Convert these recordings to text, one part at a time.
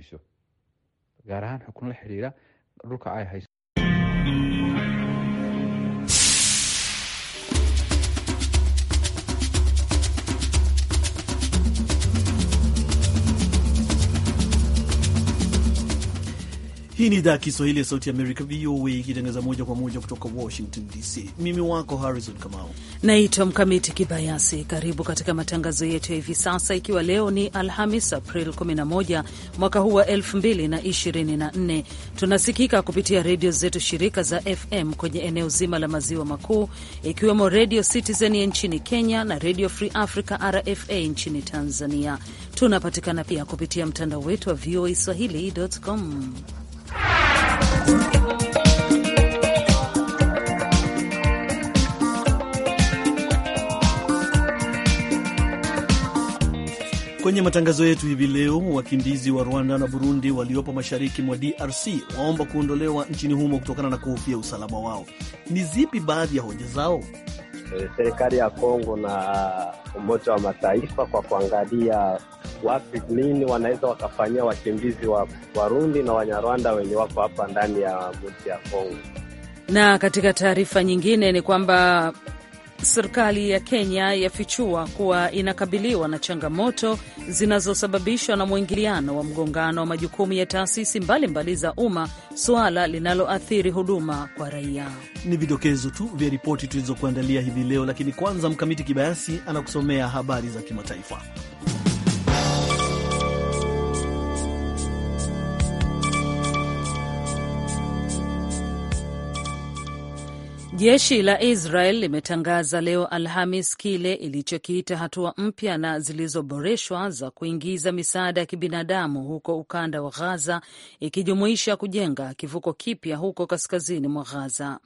hubiso gaar ahaan xukno la xiriira dhulka ay hayso Hii ni idhaa ya Kiswahili ya Sauti ya Amerika, VOA, ikitangaza moja kwa moja kutoka Washington DC. Mimi wako Harrison Kamau naitwa Mkamiti Kibayasi. Karibu katika matangazo yetu ya hivi sasa, ikiwa leo ni Alhamis April 11 mwaka huu wa 2024. Tunasikika kupitia redio zetu shirika za FM kwenye eneo zima la maziwa makuu, ikiwemo Redio Citizen ya nchini Kenya na Redio Free Africa, RFA, nchini Tanzania. Tunapatikana pia kupitia mtandao wetu wa voa swahili.com. Kwenye matangazo yetu hivi leo, wakimbizi wa Rwanda na Burundi waliopo mashariki mwa DRC waomba kuondolewa nchini humo kutokana na kuhofia usalama wao. Ni zipi baadhi ya hoja zao? Eh, serikali ya Kongo na Umoja wa Mataifa kwa kuangalia wapi, nini wanaweza wakafanyia wakimbizi wa Warundi na Wanyarwanda wenye wako hapa ndani ya mji ya Kongo. Na katika taarifa nyingine ni kwamba serikali ya Kenya yafichua kuwa inakabiliwa na changamoto zinazosababishwa na mwingiliano wa mgongano wa majukumu ya taasisi mbalimbali za umma, suala linaloathiri huduma kwa raia. Ni vidokezo tu vya ripoti tulizokuandalia hivi leo, lakini kwanza Mkamiti Kibayasi anakusomea habari za kimataifa. Jeshi la Israel limetangaza leo Alhamis kile ilichokiita hatua mpya na zilizoboreshwa za kuingiza misaada ya kibinadamu huko ukanda wa Ghaza, ikijumuisha kujenga kivuko kipya huko kaskazini mwa Ghaza.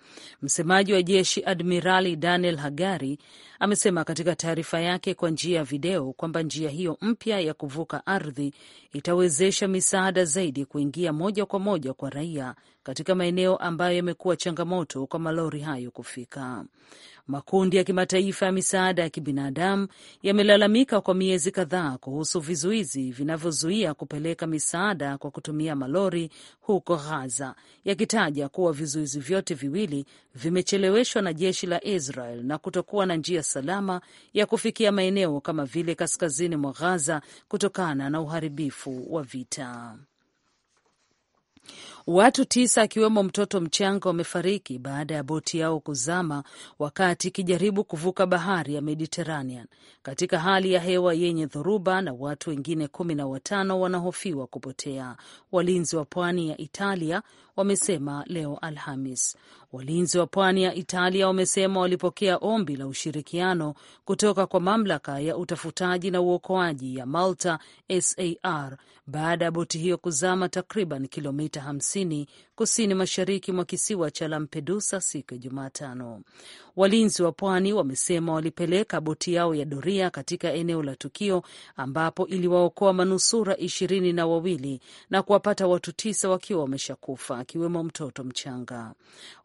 Msemaji wa jeshi Admirali Daniel Hagari amesema katika taarifa yake kwa njia ya video kwamba njia hiyo mpya ya kuvuka ardhi itawezesha misaada zaidi kuingia moja kwa moja kwa raia katika maeneo ambayo yamekuwa changamoto kwa malori hayo kufika. Makundi ya kimataifa ya misaada ya kibinadamu yamelalamika kwa miezi kadhaa kuhusu vizuizi vinavyozuia kupeleka misaada kwa kutumia malori huko ghaza yakitaja kuwa vizuizi vyote viwili vimecheleweshwa na jeshi la Israel na kutokuwa na njia salama ya kufikia maeneo kama vile kaskazini mwa ghaza kutokana na uharibifu wa vita. Watu tisa akiwemo mtoto mchanga wamefariki baada ya boti yao kuzama wakati ikijaribu kuvuka bahari ya Mediterranean katika hali ya hewa yenye dhoruba, na watu wengine kumi na watano wanahofiwa kupotea, walinzi wa pwani ya Italia wamesema leo Alhamis. Walinzi wa pwani ya Italia wamesema walipokea ombi la ushirikiano kutoka kwa mamlaka ya utafutaji na uokoaji ya Malta SAR baada ya boti hiyo kuzama takriban kilomita 50 kusini mashariki mwa kisiwa cha Lampedusa siku ya Jumatano. Walinzi wa pwani wamesema walipeleka boti yao ya doria katika eneo la tukio ambapo iliwaokoa manusura ishirini na wawili na kuwapata watu tisa wakiwa wameshakufa akiwemo mtoto mchanga.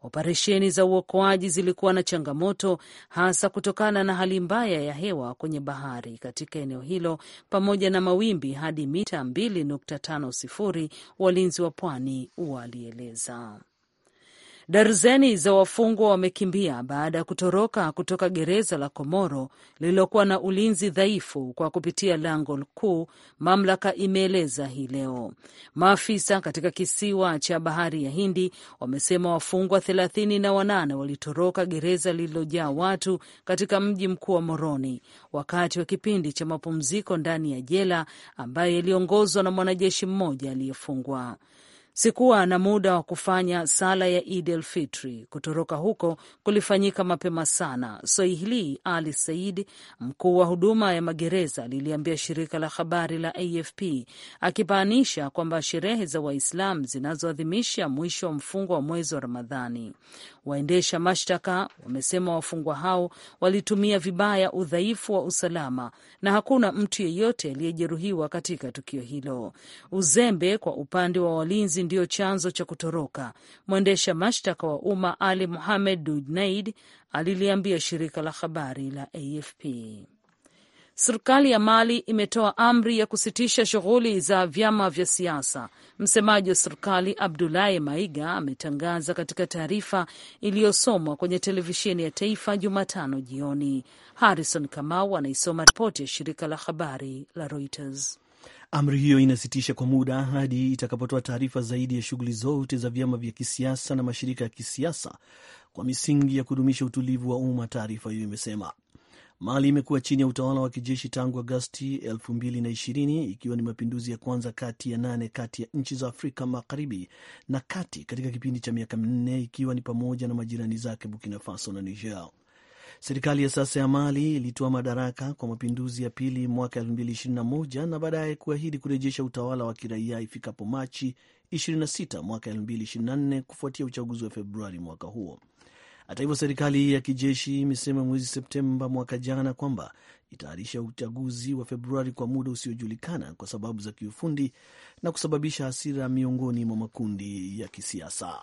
Operesheni za uokoaji zilikuwa na changamoto hasa kutokana na hali mbaya ya hewa kwenye bahari katika eneo hilo pamoja na mawimbi hadi mita 2.50, walinzi wa pwani walieleza anaeleza. Darzeni za wafungwa wamekimbia baada ya kutoroka kutoka gereza la Komoro lililokuwa na ulinzi dhaifu kwa kupitia lango kuu, mamlaka imeeleza hii leo. Maafisa katika kisiwa cha bahari ya Hindi wamesema wafungwa thelathini na wanane walitoroka gereza lililojaa watu katika mji mkuu wa Moroni wakati wa kipindi cha mapumziko ndani ya jela ambayo iliongozwa na mwanajeshi mmoja aliyefungwa. Sikuwa na muda wa kufanya sala ya Id el Fitri. Kutoroka huko kulifanyika mapema sana, Soihli Ali Said, mkuu wa huduma ya magereza, liliambia shirika la habari la AFP, akipaanisha kwamba sherehe za Waislam zinazoadhimisha mwisho wa mfungo wa mwezi wa Ramadhani Waendesha mashtaka wamesema wafungwa hao walitumia vibaya udhaifu wa usalama na hakuna mtu yeyote aliyejeruhiwa katika tukio hilo. Uzembe kwa upande wa walinzi ndio chanzo cha kutoroka, mwendesha mashtaka wa umma Ali muhamed Dunaid aliliambia shirika la habari la AFP. Serikali ya Mali imetoa amri ya kusitisha shughuli za vyama vya siasa. Msemaji wa serikali Abdulahi Maiga ametangaza katika taarifa iliyosomwa kwenye televisheni ya taifa Jumatano jioni. Harrison Kamau anaisoma ripoti ya shirika la habari la Reuters. Amri hiyo inasitisha kwa muda hadi itakapotoa taarifa zaidi ya shughuli zote za vyama vya kisiasa na mashirika ya kisiasa kwa misingi ya kudumisha utulivu wa umma, taarifa hiyo imesema. Mali imekuwa chini ya utawala wa kijeshi tangu Agasti 2020 ikiwa ni mapinduzi ya kwanza kati ya nane kati ya nchi za Afrika magharibi na kati katika kipindi cha miaka minne ikiwa ni pamoja na majirani zake Burkina Faso na Niger. Serikali ya sasa ya Mali ilitoa madaraka kwa mapinduzi ya pili mwaka 2021 na baadaye kuahidi kurejesha utawala wa kiraia ifikapo Machi 26 mwaka 2024 kufuatia uchaguzi wa Februari mwaka huo. Hata hivyo, serikali ya kijeshi imesema mwezi Septemba mwaka jana kwamba itaarisha uchaguzi wa Februari kwa muda usiojulikana kwa sababu za kiufundi na kusababisha hasira miongoni mwa makundi ya kisiasa.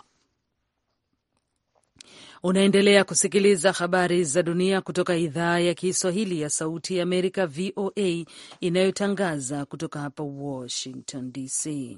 Unaendelea kusikiliza habari za dunia kutoka idhaa ya Kiswahili ya Sauti ya Amerika, VOA, inayotangaza kutoka hapa Washington DC.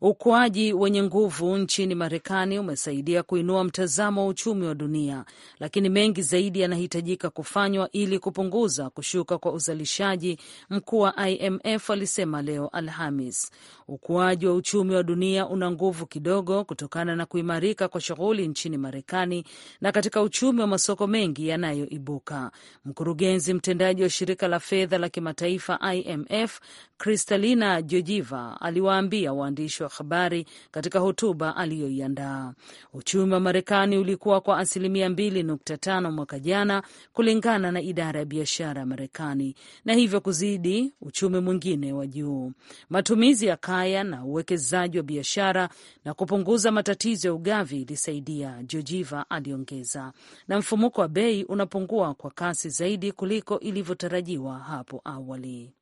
Ukuaji wenye nguvu nchini Marekani umesaidia kuinua mtazamo wa uchumi wa dunia, lakini mengi zaidi yanahitajika kufanywa ili kupunguza kushuka kwa uzalishaji, mkuu wa IMF alisema leo Alhamis. Ukuaji wa uchumi wa dunia una nguvu kidogo kutokana na kuimarika kwa shughuli nchini Marekani na katika uchumi wa masoko mengi yanayoibuka. Mkurugenzi mtendaji wa shirika la fedha la kimataifa IMF Kristalina Georgieva aliwaambia waandishi wa wa habari katika hotuba aliyoiandaa. Uchumi wa Marekani ulikuwa kwa asilimia 2.5 mwaka jana, kulingana na idara ya biashara ya Marekani, na hivyo kuzidi uchumi mwingine wa juu. Matumizi ya kaya na uwekezaji wa biashara na kupunguza matatizo ya ugavi ilisaidia, jojiva aliongeza, na mfumuko wa bei unapungua kwa kasi zaidi kuliko ilivyotarajiwa hapo awali.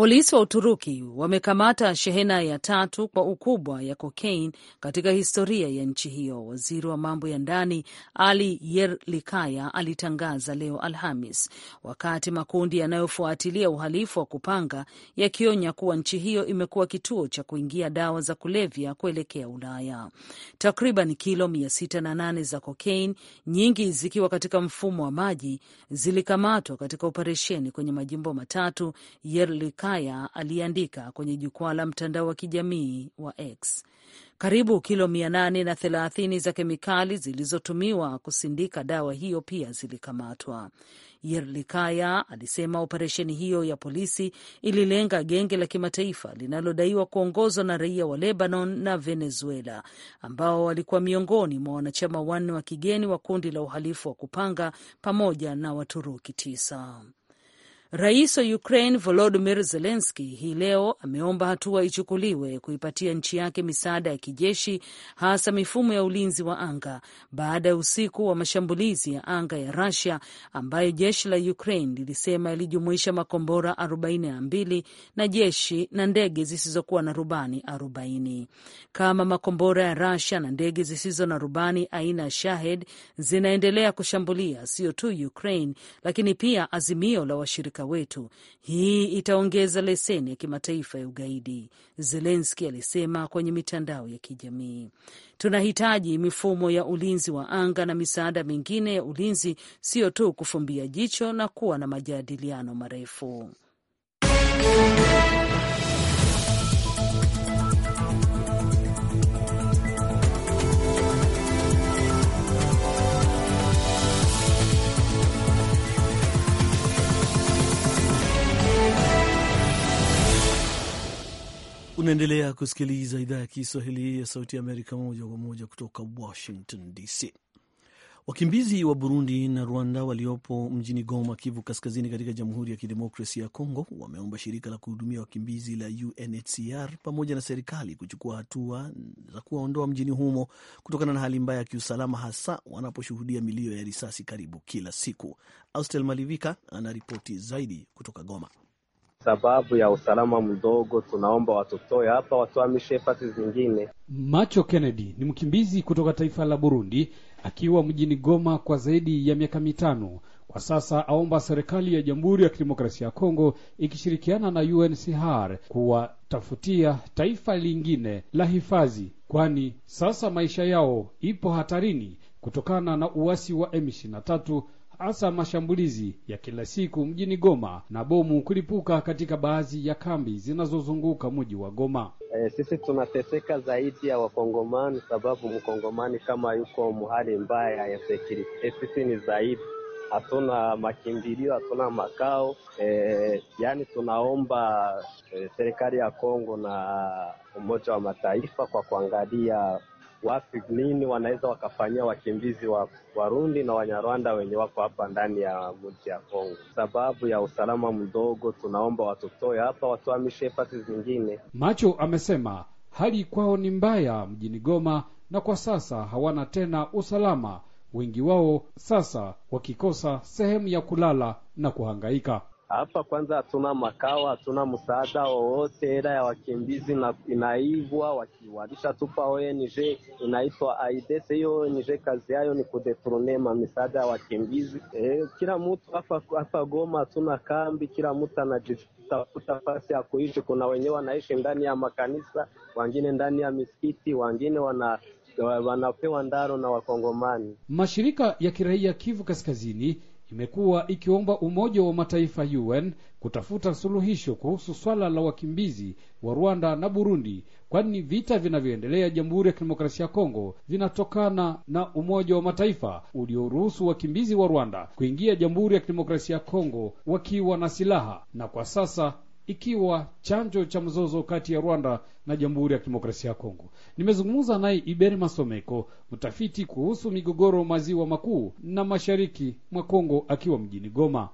Polisi wa Uturuki wamekamata shehena ya tatu kwa ukubwa ya kokain katika historia ya nchi hiyo, waziri wa mambo ya ndani Ali Yerlikaya alitangaza leo Alhamis, wakati makundi yanayofuatilia uhalifu wa kupanga yakionya kuwa nchi hiyo imekuwa kituo cha kuingia dawa za kulevya kuelekea Ulaya. Takriban kilo 608 za kokain, nyingi zikiwa katika mfumo wa maji, zilikamatwa katika operesheni kwenye majimbo matatu Yerlikaya Haya aliandika kwenye jukwaa la mtandao wa kijamii wa X. Karibu kilo mia nane na thelathini za kemikali zilizotumiwa kusindika dawa hiyo pia zilikamatwa. Yerlikaya alisema operesheni hiyo ya polisi ililenga genge la kimataifa linalodaiwa kuongozwa na raia wa Lebanon na Venezuela ambao walikuwa miongoni mwa wanachama wanne wa kigeni wa kundi la uhalifu wa kupanga pamoja na Waturuki tisa. Rais wa Ukraine Volodymyr Zelensky hii leo ameomba hatua ichukuliwe kuipatia nchi yake misaada ya kijeshi, hasa mifumo ya ulinzi wa anga baada ya usiku wa mashambulizi ya anga ya Russia ambayo jeshi la Ukraine lilisema ilijumuisha makombora 42 na jeshi na ndege zisizokuwa na rubani 40. Kama makombora ya Russia na ndege zisizo na rubani aina ya Shahed zinaendelea kushambulia sio tu Ukraine, lakini pia azimio la washirika washirika wetu, hii itaongeza leseni ya kimataifa ya ugaidi, Zelenski alisema kwenye mitandao ya kijamii. Tunahitaji mifumo ya ulinzi wa anga na misaada mingine ya ulinzi, sio tu kufumbia jicho na kuwa na majadiliano marefu. Unaendelea kusikiliza idhaa ya Kiswahili ya Sauti ya Amerika moja kwa moja kutoka Washington DC. Wakimbizi wa Burundi na Rwanda waliopo mjini Goma, Kivu Kaskazini, katika Jamhuri ya Kidemokrasia ya Kongo wameomba shirika la kuhudumia wakimbizi la UNHCR pamoja na serikali kuchukua hatua za kuwaondoa mjini humo kutokana na hali mbaya ya kiusalama, hasa wanaposhuhudia milio ya risasi karibu kila siku. Austel Malivika anaripoti zaidi kutoka Goma sababu ya usalama mdogo, tunaomba watutoe hapa, watuhamishe fasi zingine. Macho Kennedy ni mkimbizi kutoka taifa la Burundi, akiwa mjini Goma kwa zaidi ya miaka mitano. Kwa sasa aomba serikali ya Jamhuri ya Kidemokrasia ya Kongo ikishirikiana na UNHCR kuwatafutia taifa lingine la hifadhi, kwani sasa maisha yao ipo hatarini kutokana na uasi wa M23 hasa mashambulizi ya kila siku mjini Goma na bomu kulipuka katika baadhi ya kambi zinazozunguka mji wa Goma. E, sisi tunateseka zaidi ya Wakongomani sababu mkongomani kama yuko mhali mbaya ya security e, sisi ni zaidi hatuna makimbilio, hatuna makao e, yani tunaomba e, serikali ya Kongo na Umoja wa Mataifa kwa kuangalia wapi lini wanaweza wakafanyia wakimbizi wa Warundi na Wanyarwanda wenye wako hapa ndani ya mji ya Kongo. Sababu ya usalama mdogo, tunaomba watutoe hapa, watuhamishe fasi zingine. Macho amesema hali kwao ni mbaya mjini Goma, na kwa sasa hawana tena usalama, wengi wao sasa wakikosa sehemu ya kulala na kuhangaika. Hapa kwanza hatuna makao, hatuna msaada wowote. Hela ya wakimbizi inaivwa, tupa ONG inaitwa AIDS. Hiyo ONG kazi yayo ni kudetrone misaada ya wakimbizi e. Kila mtu hapa hapa Goma hatuna kambi, kila mtu anajitafuta fasi ya kuishi. Kuna wenyewe wanaishi ndani ya makanisa, wengine ndani ya misikiti, wengine wana wanapewa ndaro na Wakongomani. Mashirika ya kiraia Kivu Kaskazini imekuwa ikiomba Umoja wa Mataifa UN kutafuta suluhisho kuhusu swala la wakimbizi wa Rwanda na Burundi, kwani vita vinavyoendelea Jamhuri ya Kidemokrasia ya Kongo vinatokana na Umoja wa Mataifa ulioruhusu wakimbizi wa Rwanda kuingia Jamhuri ya Kidemokrasia ya Kongo wakiwa na silaha na kwa sasa ikiwa chanjo cha mzozo kati ya Rwanda na Jamhuri ya Kidemokrasia ya Kongo. Nimezungumza naye Iberi Masomeko, mtafiti kuhusu migogoro maziwa makuu na mashariki mwa Kongo, akiwa mjini Goma.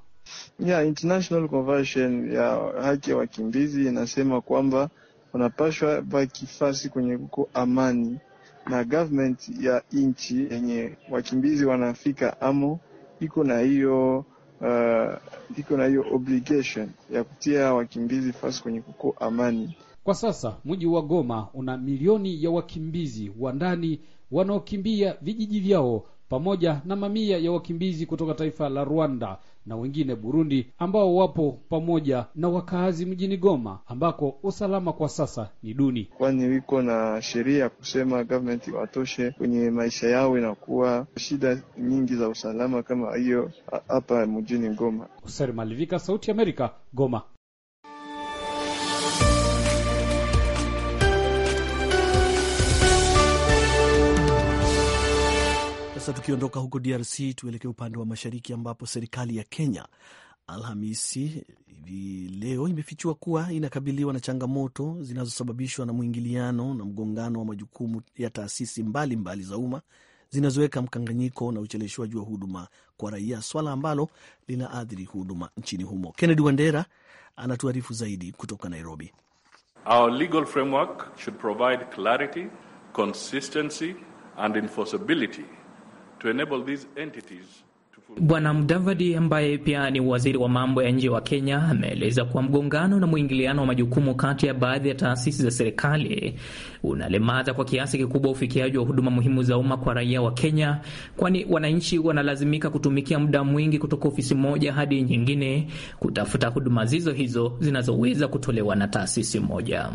Yeah, International Convention ya haki ya wakimbizi inasema kwamba wanapashwa vakifasi kwenye kuko amani na government ya nchi yenye wakimbizi wanafika amo iko na hiyo uh, iko na hiyo obligation ya kutia wakimbizi fasi kwenye kuko amani. Kwa sasa mji wa Goma una milioni ya wakimbizi wa ndani wanaokimbia vijiji vyao pamoja na mamia ya wakimbizi kutoka taifa la Rwanda na wengine Burundi ambao wapo pamoja na wakaazi mjini Goma ambako usalama kwa sasa ni duni, kwani wiko na sheria ya kusema government watoshe kwenye maisha yao. Inakuwa shida nyingi za usalama kama hiyo hapa mjini Goma. Hoser Malivika, Sauti ya Amerika, Goma. Sasa tukiondoka huko DRC tuelekee upande wa mashariki ambapo serikali ya Kenya Alhamisi hivi leo imefichua kuwa inakabiliwa na changamoto zinazosababishwa na mwingiliano na mgongano wa majukumu ya taasisi mbalimbali mbali za umma zinazoweka mkanganyiko na ucheleshwaji wa huduma kwa raia, swala ambalo linaathiri huduma nchini humo. Kennedy Wandera anatuarifu zaidi kutoka Nairobi. Our legal framework should provide clarity, consistency and enforceability to enable these entities Bwana Mdavadi ambaye pia ni waziri wa mambo ya nje wa Kenya ameeleza kuwa mgongano na mwingiliano wa majukumu kati ya baadhi ya taasisi za serikali unalemaza kwa kiasi kikubwa ufikiaji wa huduma muhimu za umma kwa raia wa Kenya, kwani wananchi wanalazimika kutumikia muda mwingi kutoka ofisi moja hadi nyingine kutafuta huduma zizo hizo zinazoweza kutolewa na taasisi moja.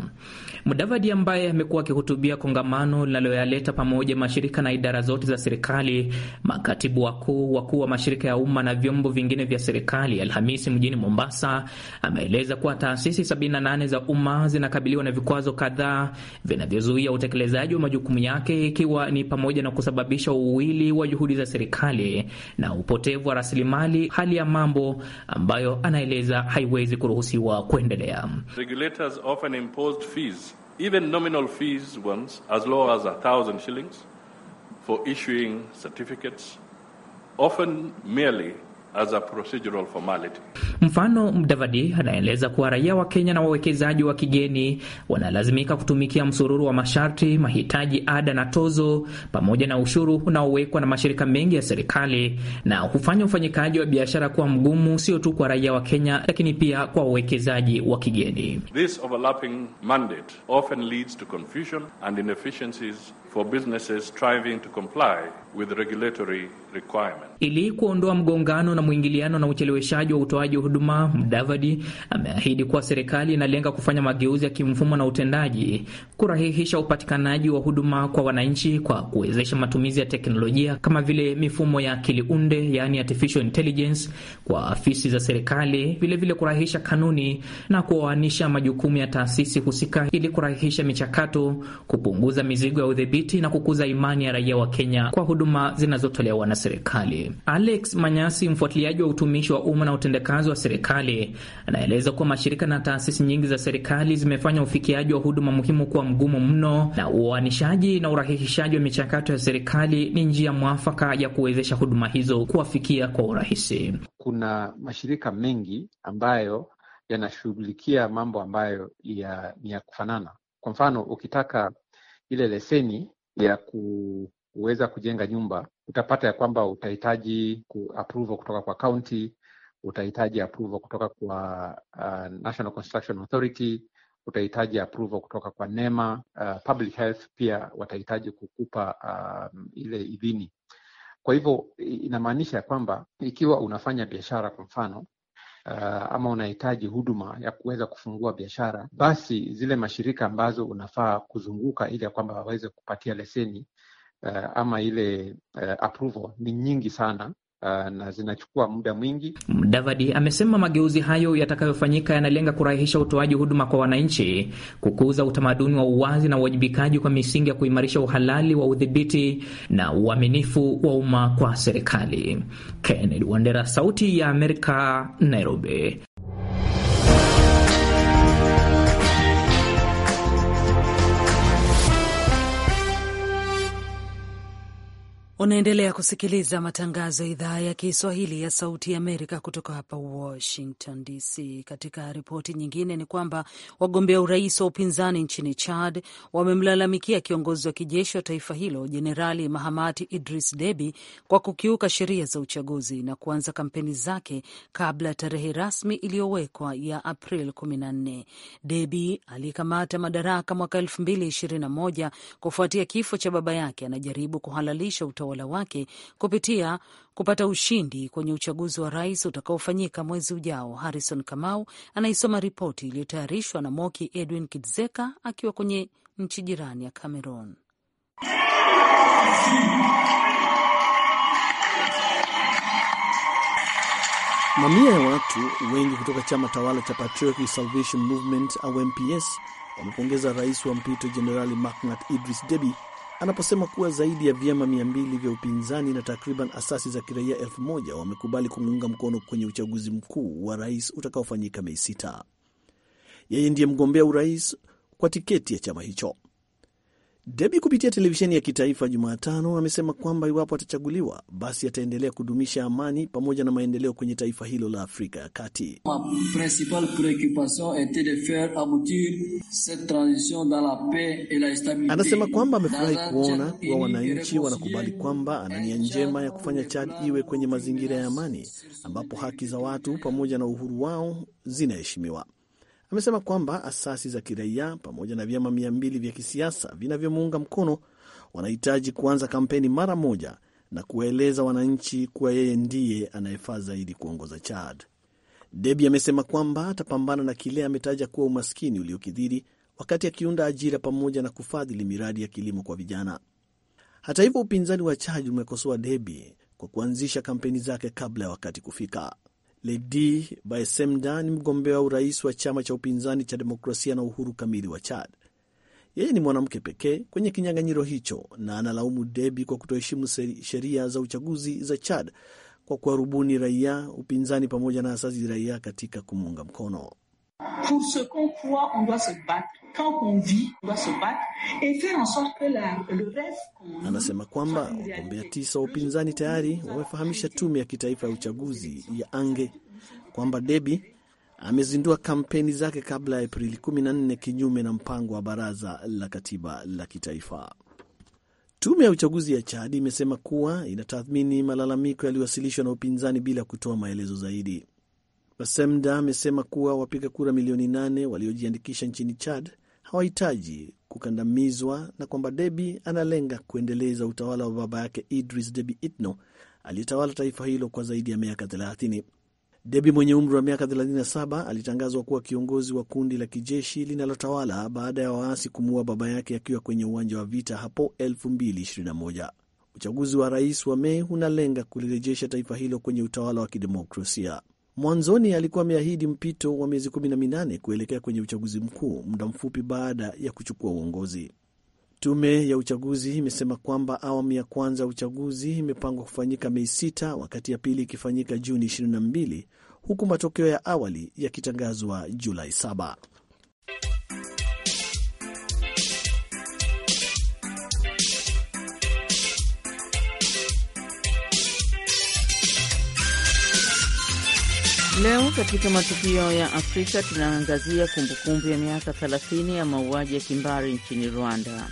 Mdavadi ambaye amekuwa akihutubia kongamano linaloyaleta pamoja mashirika na idara zote za serikali, makatibu wakuu wakuu wa mashirika ya umma na vyombo vingine vya serikali Alhamisi mjini Mombasa ameeleza kuwa taasisi 78 za umma zinakabiliwa na vikwazo kadhaa vinavyozuia utekelezaji wa majukumu yake, ikiwa ni pamoja na kusababisha uwili wa juhudi za serikali na upotevu wa rasilimali, hali ya mambo ambayo anaeleza haiwezi kuruhusiwa kuendelea. even nominal fees once, as low as shillings for issuing certificates often merely as a procedural formality. Mfano, Mdavadi anaeleza kuwa raia wa Kenya na wawekezaji wa kigeni wanalazimika kutumikia msururu wa masharti, mahitaji, ada na tozo pamoja na ushuru unaowekwa na mashirika mengi ya serikali na hufanya ufanyikaji wa biashara kuwa mgumu, sio tu kwa raia wa Kenya lakini pia kwa wawekezaji wa kigeni. This overlapping mandate often leads to confusion and inefficiencies for businesses striving to comply with regulatory requirements. Ili kuondoa mgongano na mwingiliano na ucheleweshaji wa utoaji huduma, Mdavadi ameahidi kuwa serikali inalenga kufanya mageuzi ya kimfumo na utendaji, kurahihisha upatikanaji wa huduma kwa wananchi kwa kuwezesha matumizi ya teknolojia kama vile mifumo ya akili unde, yaani artificial intelligence, kwa afisi za serikali, vilevile kurahihisha kanuni na kuoanisha majukumu ya taasisi husika ili kurahihisha michakato, kupunguza mizigo ya udhibiti kudhibiti na kukuza imani ya raia wa Kenya kwa huduma zinazotolewa na serikali. Alex Manyasi, mfuatiliaji wa utumishi wa umma na utendakazi wa serikali, anaeleza kuwa mashirika na taasisi nyingi za serikali zimefanya ufikiaji wa huduma muhimu kuwa mgumu mno, na uanishaji na urahisishaji wa michakato ya serikali ni njia mwafaka ya kuwezesha huduma hizo kuwafikia kwa urahisi. Kuna mashirika mengi ambayo yanashughulikia mambo ambayo ya, ni ya kufanana. Kwa mfano ukitaka ile leseni ya kuweza kujenga nyumba, utapata ya kwamba utahitaji approval kutoka kwa county, utahitaji approval kutoka kwa uh, National Construction Authority, utahitaji approval kutoka kwa NEMA, uh, Public Health pia watahitaji kukupa um, ile idhini. Kwa hivyo inamaanisha ya kwamba ikiwa unafanya biashara kwa mfano uh, ama unahitaji huduma ya kuweza kufungua biashara, basi zile mashirika ambazo unafaa kuzunguka ili ya kwamba waweze kupatia leseni uh, ama ile uh, approval ni nyingi sana Uh, na zinachukua muda mwingi. Davadi amesema mageuzi hayo yatakayofanyika yanalenga kurahisisha utoaji huduma kwa wananchi, kukuza utamaduni wa uwazi na uwajibikaji kwa misingi ya kuimarisha uhalali wa udhibiti na uaminifu wa umma kwa serikali. Kennedy Wandera, Sauti ya Amerika, Nairobi. Unaendelea kusikiliza matangazo ya idhaa ya Kiswahili ya Sauti ya Amerika kutoka hapa Washington DC. Katika ripoti nyingine ni kwamba wagombea urais wa upinzani nchini Chad wamemlalamikia kiongozi wa kijeshi wa taifa hilo Jenerali Mahamati Idris Deby kwa kukiuka sheria za uchaguzi na kuanza kampeni zake kabla ya tarehe rasmi iliyowekwa ya April 14. Deby aliyekamata madaraka mwaka 2021 kufuatia kifo cha baba yake anajaribu kuhalalisha utawala utawala wake kupitia kupata ushindi kwenye uchaguzi wa rais utakaofanyika mwezi ujao. Harrison Kamau anaisoma ripoti iliyotayarishwa na Moki Edwin Kidzeka akiwa kwenye nchi jirani ya Cameroon. Mamia ya watu wengi kutoka chama tawala cha Patriotic Salvation Movement au MPS wamepongeza rais wa mpito Jenerali Mahamat Idris Deby anaposema kuwa zaidi ya vyama mia mbili vya upinzani na takriban asasi za kiraia elfu moja wamekubali kumuunga mkono kwenye uchaguzi mkuu wa rais utakaofanyika Mei sita. Yeye ndiye mgombea urais kwa tiketi ya chama hicho debi kupitia televisheni ya kitaifa Jumatano amesema kwamba iwapo atachaguliwa, basi ataendelea kudumisha amani pamoja na maendeleo kwenye taifa hilo la Afrika ya Kati. Anasema kwamba amefurahi kuona kuwa wananchi wanakubali kwamba ana nia njema ya kufanya Chad iwe kwenye mazingira ya amani ambapo haki za watu pamoja na uhuru wao zinaheshimiwa amesema kwamba asasi za kiraia pamoja na vyama mia mbili vya kisiasa vinavyomuunga mkono wanahitaji kuanza kampeni mara moja na kuwaeleza wananchi kuwa yeye ndiye anayefaa zaidi kuongoza Chad. Debi amesema kwamba atapambana na kile ametaja kuwa umaskini uliokithiri wakati akiunda ajira pamoja na kufadhili miradi ya kilimo kwa vijana. Hata hivyo, upinzani wa Chad umekosoa Debi kwa kuanzisha kampeni zake kabla ya wakati kufika. Ledi baesemda ni mgombea wa urais wa chama cha upinzani cha demokrasia na uhuru kamili wa Chad. Yeye ni mwanamke pekee kwenye kinyang'anyiro hicho na analaumu Debi kwa kutoheshimu sheria za uchaguzi za Chad kwa kuwarubuni raia, upinzani pamoja na asasi raia katika kumuunga mkono. Pour ce qu'on croit, on doit se battre. Quand on vit, on doit se battre et faire en sorte que la, le rêve qu'on... Anasema kwamba wagombea tisa wa upinzani tayari wamefahamisha tume ya kitaifa ya uchaguzi ya Ange kwamba Debi amezindua kampeni zake kabla ya Aprili 14 kinyume na mpango wa baraza la katiba la kitaifa. Tume ya uchaguzi ya Chadi imesema kuwa inatathmini malalamiko yaliyowasilishwa na upinzani bila kutoa maelezo zaidi. Basemda amesema kuwa wapiga kura milioni nane waliojiandikisha nchini Chad hawahitaji kukandamizwa na kwamba Debi analenga kuendeleza utawala wa baba yake Idris Debi Itno aliyetawala taifa hilo kwa zaidi ya miaka 30. Debi mwenye umri wa miaka 37 alitangazwa kuwa kiongozi wa kundi la kijeshi linalotawala baada ya waasi kumuua baba yake akiwa kwenye uwanja wa vita hapo 2021. Uchaguzi wa rais wa Mei unalenga kulirejesha taifa hilo kwenye utawala wa kidemokrasia. Mwanzoni alikuwa ameahidi mpito wa miezi kumi na minane kuelekea kwenye uchaguzi mkuu muda mfupi baada ya kuchukua uongozi. Tume ya uchaguzi imesema kwamba awamu ya kwanza ya uchaguzi imepangwa kufanyika Mei sita wakati ya pili ikifanyika Juni 22 huku matokeo ya awali yakitangazwa Julai 7. Leo katika matukio ya Afrika tunaangazia kumbukumbu ya miaka 30 ya mauaji ya kimbari nchini Rwanda.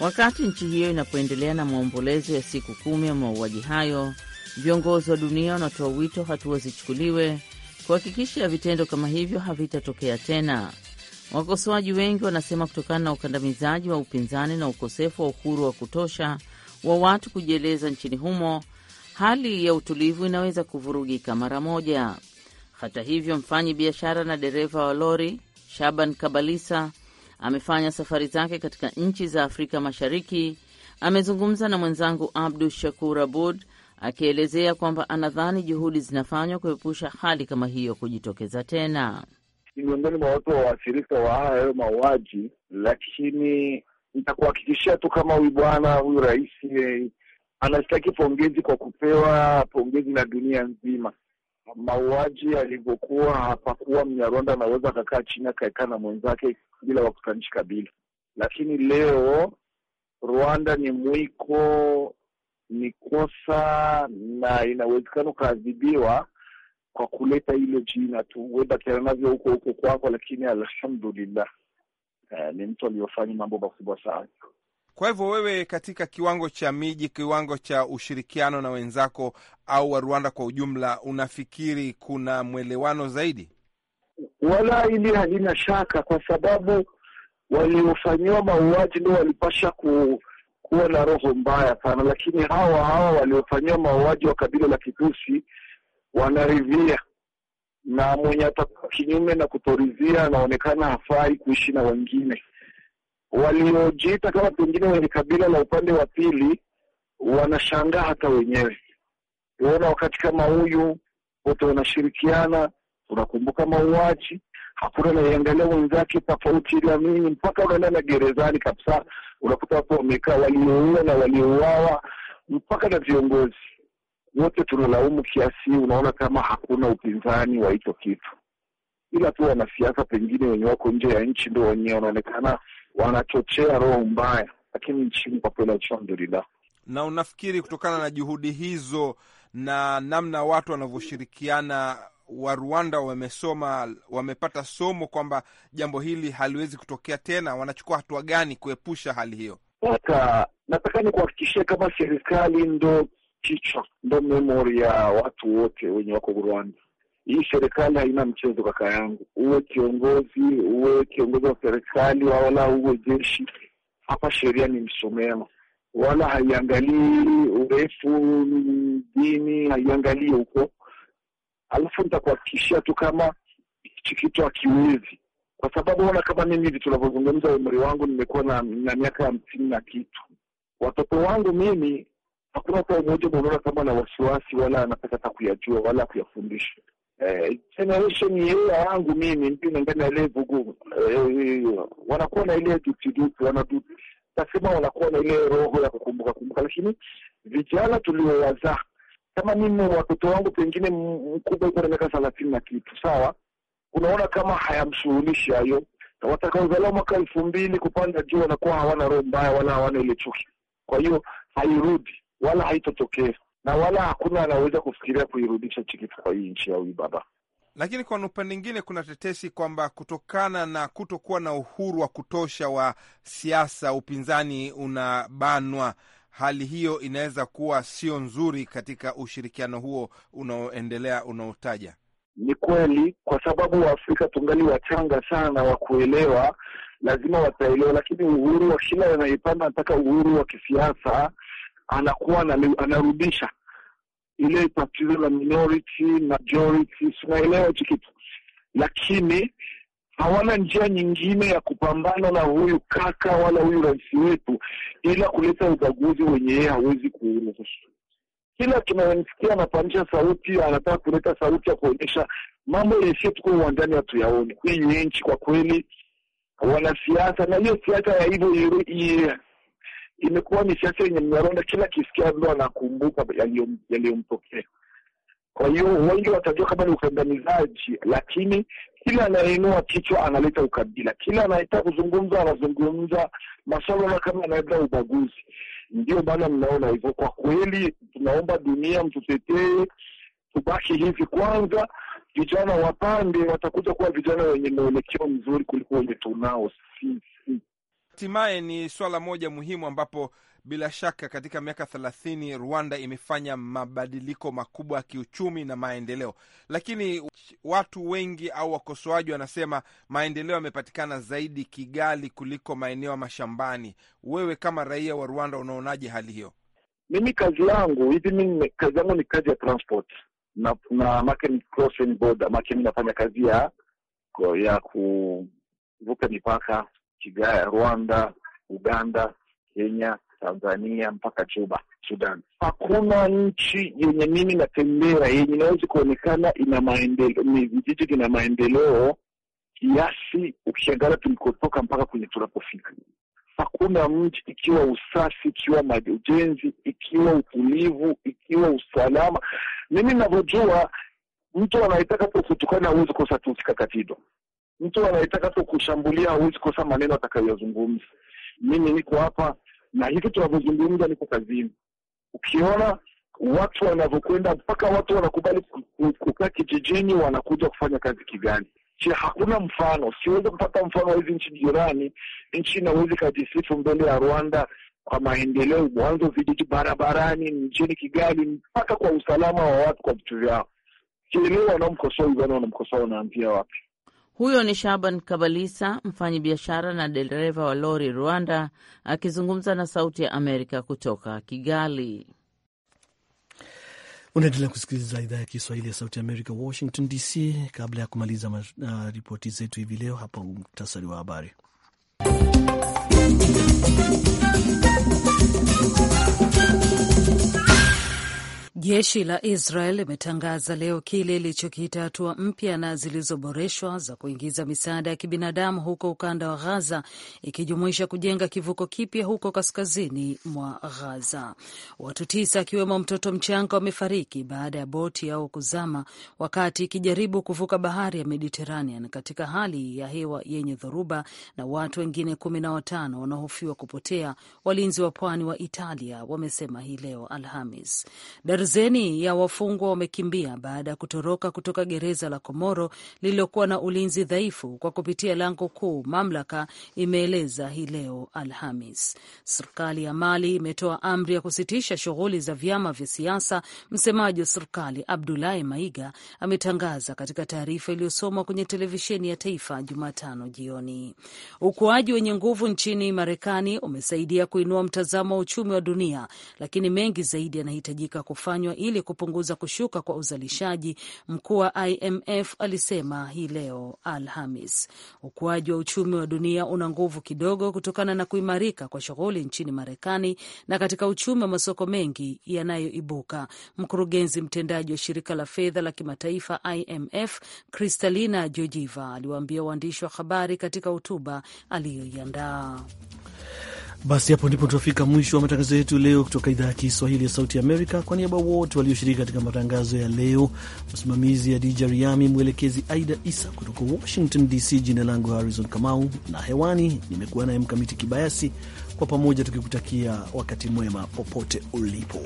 Wakati nchi hiyo inapoendelea na maombolezo ya siku kumi ya mauaji hayo, viongozi wa dunia wanatoa wito hatua zichukuliwe kuhakikisha vitendo kama hivyo havitatokea tena. Wakosoaji wengi wanasema kutokana na ukandamizaji wa upinzani na ukosefu wa uhuru wa kutosha wa watu kujieleza nchini humo, hali ya utulivu inaweza kuvurugika mara moja. Hata hivyo, mfanyi biashara na dereva wa lori Shaban Kabalisa amefanya safari zake katika nchi za Afrika Mashariki. Amezungumza na mwenzangu Abdu Shakur Abud akielezea kwamba anadhani juhudi zinafanywa kuepusha hali kama hiyo kujitokeza tena. Ni miongoni mwa watu waathirika wa hayo mauaji, lakini nitakuhakikishia tu kama huyu bwana huyu rais eh, anastaki pongezi kwa kupewa pongezi na dunia nzima mauaji yalivyokuwa, hapakuwa Mnyarwanda anaweza akakaa chini akaekaa na mwenzake bila wakutanishi kabila, lakini leo Rwanda ni mwiko, ni kosa na inawezekana ukaadhibiwa kwa kuleta hilo jina tu, webatana navyo huko huko kwako, lakini alhamdulillah, eh, ni mtu aliyofanya mambo makubwa sana. Kwa hivyo wewe, katika kiwango cha miji, kiwango cha ushirikiano na wenzako au wa Rwanda kwa ujumla, unafikiri kuna mwelewano zaidi? Wala hili halina shaka, kwa sababu waliofanyiwa mauaji ndio walipasha ku, kuwa na roho mbaya sana, lakini hawa hawa waliofanyiwa mauaji wa kabila la Kitusi wanaridhia na mwenye atakuwa kinyume na kutoridhia anaonekana hafai kuishi na wengine waliojiita kama pengine wenye kabila la upande wa pili wanashangaa hata wenyewe. Unaona, wakati kama huyu wote wanashirikiana. Unakumbuka mauaji, hakuna naiangalia mwenzake tofauti ila mimi, mpaka unaenda na gerezani kabisa, unakuta hapo wamekaa walioua na waliouawa, mpaka na viongozi wote tunalaumu kiasi. Unaona kama hakuna upinzani wa hicho kitu, ila tu wanasiasa pengine wenye wako nje ya nchi ndio wenyewe wanaonekana wanachochea roho mbaya, lakini nchini kwa kweli alhamdulillah. Na unafikiri kutokana na juhudi hizo na namna watu wanavyoshirikiana wa Rwanda wamesoma, wamepata somo kwamba jambo hili haliwezi kutokea tena, wanachukua hatua gani kuepusha hali hiyo? Nataka ni kuhakikishia kama serikali ndo kichwa ndo memori ya watu wote wenye wako Rwanda hii serikali haina mchezo, kaka yangu. Uwe kiongozi, uwe kiongozi wa serikali wala uwe jeshi, hapa sheria ni msomema wala haiangalii urefu, dini, haiangalii huko. Alafu nitakuhakikishia tu kama hichi kitu hakiwezi, kwa sababu ona, kama mimi hivi tunavyozungumza, umri wangu nimekuwa na, na miaka hamsini na kitu, watoto wangu mimi hakuna hata umoja unaona kama na wasiwasi wala anataka hata kuyajua wala kuyafundisha. Eh, generation hiyo yangu mimi ndio ningana ile vugu eh, wanakuwa na ile dukiduki wanatu tasema wanakuwa na ile roho ya kukumbuka kumbuka, lakini vijana tuliowaza kama mimi watoto wangu pengine mkubwa yuko na miaka thelathini na kitu sawa, unaona kama hayamshughulishi hayo. Watakaozaliwa mwaka elfu mbili kupanda juu wanakuwa hawana roho mbaya wala hawana ile chuki, kwa hiyo hairudi wala haitotokea na wala hakuna anaweza kufikiria kuirudisha chikifu kwa hii nchi ya baba. Lakini kwa upande mwingine, kuna tetesi kwamba kutokana na kutokuwa na uhuru wa kutosha wa siasa, upinzani unabanwa. Hali hiyo inaweza kuwa sio nzuri katika ushirikiano huo unaoendelea unaotaja. Ni kweli, kwa sababu Waafrika tungali wachanga sana wa kuelewa, lazima wataelewa, lakini uhuru wa kila anayepanda anataka uhuru wa kisiasa anakuwa anarudisha ile tatizo la minority majority, sinaelewa hichi kitu, lakini hawana njia nyingine ya kupambana na huyu kaka wala huyu rais wetu ila kuleta ubaguzi wenye yeye hawezi kuruhusu. Kila tunayemsikia anapandisha sauti, anataka kuleta sauti ya kuonyesha mambo yasio tuko uwanjani hatuyaoni kwenye nchi kwa kweli wanasiasa, na hiyo siasa ya hivyo imekuwa ni siasa yenye mnyaronda, kila kisikia ndo anakumbuka yaliyomtokea. Kwa hiyo wengi watajua kama ni ukandamizaji, lakini kila anayeinua kichwa analeta ukabila, kila anayetaka kuzungumza anazungumza maswala kama anaeda ubaguzi. Ndio maana mnaona hivyo. Kwa kweli, tunaomba dunia mtutetee, tubaki hivi kwanza. Vijana wapande watakuja kuwa vijana wenye mwelekeo mzuri kuliko wenye tunao sisi. Hatimaye ni swala moja muhimu ambapo bila shaka katika miaka thelathini Rwanda imefanya mabadiliko makubwa ya kiuchumi na maendeleo, lakini watu wengi au wakosoaji wanasema maendeleo yamepatikana zaidi Kigali kuliko maeneo ya mashambani. Wewe kama raia wa Rwanda unaonaje hali hiyo? Mimi kazi yangu hivi, mimi kazi yangu ni kazi ya transport na, na crossing border, nafanya kazi ya ya kuvuka mipaka Kigali, Rwanda, Uganda, Kenya, Tanzania mpaka Juba, Sudan. Hakuna nchi yenye mimi natembea yenye inaweza kuonekana ina maendeleo, ni vijiji vina maendeleo kiasi ukiangalia tulikotoka mpaka kwenye tunapofika. Hakuna mji ikiwa usafi, ikiwa majenzi, ikiwa utulivu, ikiwa usalama. Mimi navyojua, mtu anayetaka kufutukana hawezi kosa tu mtu anayetaka tu kushambulia, huwezi kosa maneno atakayozungumza. Mimi niko hapa na hivi tunavyozungumza, niko kazini. Ukiona watu wanavyokwenda, mpaka watu wanakubali kukaa kijijini, wanakuja kufanya kazi kigani? Je, hakuna mfano? Siwezi kupata mfano wa hizi nchi jirani. Nchi inawezi kajisifu mbele ya Rwanda kwa maendeleo, mwanzo vijiji, barabarani, mjini Kigali, mpaka kwa usalama wa watu kwa vitu vyao. Je, leo wanaomkosoa Uganda wanamkosoa wanaanzia wapi? Huyo ni Shaban Kabalisa, biashara na dereva wa lori Rwanda, akizungumza na Sauti ya Amerika kutoka Kigali. Unaendelea kusikiliza idhaa ya Kiswahili ya Sauti Amerika, Washington DC. Kabla ya kumaliza uh, ripoti zetu hivi leo, hapa muhtasari wa habari Jeshi la Israel limetangaza leo kile ilichokiita hatua mpya na zilizoboreshwa za kuingiza misaada ya kibinadamu huko ukanda wa Ghaza, ikijumuisha kujenga kivuko kipya huko kaskazini mwa Ghaza. Watu tisa akiwemo mtoto mchanga wamefariki baada ya boti yao kuzama wakati ikijaribu kuvuka bahari ya Mediterranean katika hali ya hewa yenye dhoruba, na watu wengine kumi na watano wanaohofiwa kupotea, walinzi wa pwani wa Italia wamesema hii leo Alhamis. Dozeni ya wafungwa wamekimbia baada ya kutoroka kutoka gereza la Komoro lililokuwa na ulinzi dhaifu kwa kupitia lango kuu, mamlaka imeeleza hii leo Alhamis. Serikali ya Mali imetoa amri ya kusitisha shughuli za vyama vya siasa. Msemaji wa serikali Abdulahi Maiga ametangaza katika taarifa iliyosomwa kwenye televisheni ya taifa Jumatano jioni. Ukuaji wenye nguvu nchini Marekani umesaidia kuinua mtazamo wa uchumi wa dunia, lakini mengi zaidi yanahitajika kufanya kufanywa ili kupunguza kushuka kwa uzalishaji, mkuu wa IMF alisema hii leo Alhamis. Ukuaji wa uchumi wa dunia una nguvu kidogo kutokana na kuimarika kwa shughuli nchini Marekani na katika uchumi wa masoko mengi yanayoibuka. Mkurugenzi mtendaji wa shirika la fedha la kimataifa IMF Kristalina Georgieva aliwaambia waandishi wa habari katika hotuba aliyoiandaa. Basi hapo ndipo tunafika mwisho wa matangazo yetu leo kutoka idhaa ya Kiswahili ya Sauti Amerika. Kwa niaba wote walioshiriki katika matangazo ya leo, msimamizi ya DJ Riami, mwelekezi Aida Isa kutoka Washington DC. Jina langu Harrison Kamau na hewani nimekuwa naye Mkamiti Kibayasi, kwa pamoja tukikutakia wakati mwema popote ulipo.